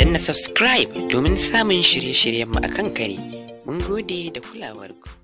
na subscribe domin samun shirye-shiryenmu shiryen a kan kare. Mun gode da kulawarku.